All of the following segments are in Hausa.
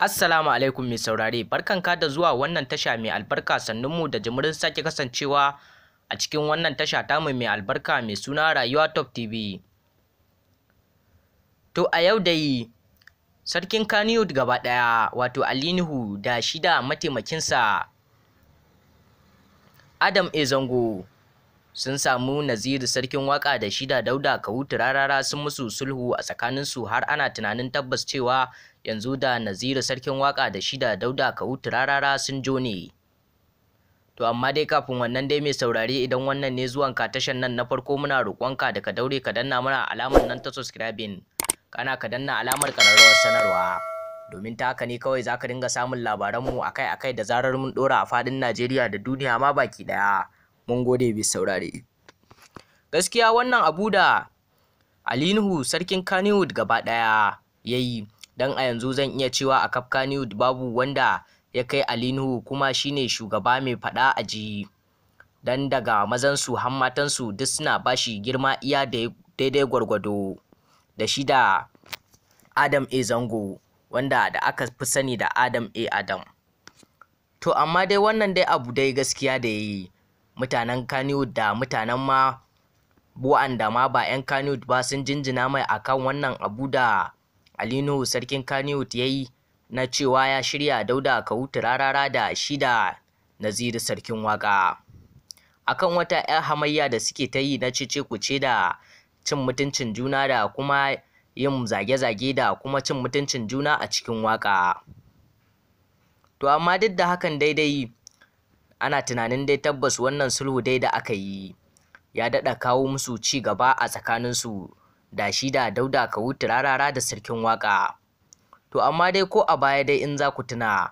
Assalamu alaikum mai saurare barkan ka da zuwa wannan tasha mai albarka sannunmu da jimirin sake kasancewa a cikin wannan tasha tamu mai albarka mai suna rayuwa top tv to a yau da yi sarkin kaniyud gaba daya wato alinihu da shida mataimakinsa adam ezango sun samu naziri sarkin waka da shida dauda kawutu rarara sun musu sulhu a tsakaninsu har ana tunanin tabbas cewa yanzu da naziru sarkin waka da shi da dauda kawutu rarara sun jo ne to amma dai kafin wannan dai mai saurari idan wannan ne zuwan ka tashan nan na farko muna roƙonka da ka daure ka danna mana alamar nan ta subscribing kana ka danna alamar ƙararrawar sanarwa domin ta haka ne kawai za ka dinga samun labaranmu akai-akai da zarar mun dora a faɗin najeriya da duniya ma baki ɗaya mun gode bi saurare gaskiya wannan abu da alinuhu sarkin kannywood gaba ɗaya yayi yi dan a yanzu zan iya cewa a kafka babu wanda ya kai Alinuhu kuma shine shugaba mai faɗa a ji dan daga mazansu har matansu duk suna bashi girma iya daidai gwargwado da shi da Adam A Zango wanda da aka fi sani da Adam A Adam to amma dai wannan dai abu dai gaskiya da yayi mutanen Kannywood da mutanen ma da ma ba 'yan Kannywood ba sun jinjina mai akan wannan abu da Ali sarkin Kannywood ya yi na cewa ya shirya Dauda wuta rarara da shida da Naziru sarkin waƙa. Akan wata 'yar hamayya da suke ta yi na cece-kuce da cin mutuncin juna da kuma yin zage-zage da kuma cin mutuncin juna a cikin waƙa. To amma duk da hakan daidai ana tunanin dai tabbas wannan sulhu dai da aka yi ya daɗa kawo musu ci gaba a tsakaninsu da shi da dauda kawu rarara da sarkin waka to amma dai ko a baya dai in za ku tuna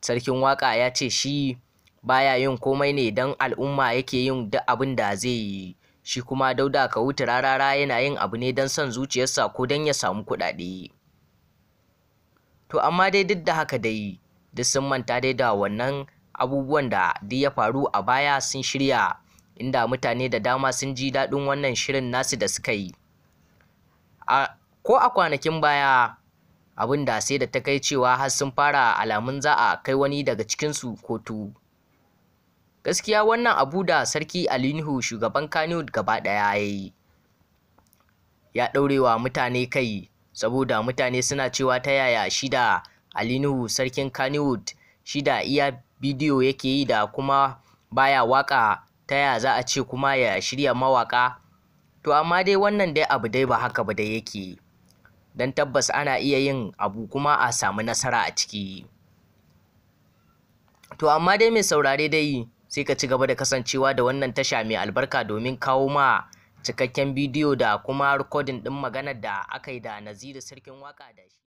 sarkin waka ya ce shi baya yin komai ne don al'umma yake yin duk abin da zai yi shi kuma dauda kawu rarara yana yin abu ne don son zuciyarsa ko don ya samu kuɗaɗe to amma dai duk da haka dai duk sun manta dai da wannan abubuwan da duk ya faru a baya sun shirya inda mutane da dama sun ji daɗin wannan shirin nasu da suka yi a ko a kwanakin baya abin da sai da ta kai cewa har sun fara alamun za a kai wani daga cikinsu kotu gaskiya wannan abu da sarki Nuhu shugaban kano gaba ɗaya ya yi ya ɗaurewa mutane kai saboda mutane suna cewa ta yaya shi da Nuhu sarkin kano shi da iya bidiyo yake yi da kuma baya waka ta yaya za a ce kuma ya shirya mawaka to amma dai wannan dai abu dai ba haka ba da yake don tabbas ana iya yin abu kuma a samu nasara a ciki to amma dai mai saurare dai sai ka ci gaba da kasancewa da wannan tasha mai albarka domin kawo ma cikakken bidiyo da kuma rikodin ɗin magana da aka yi da naziru sarkin waƙa da shi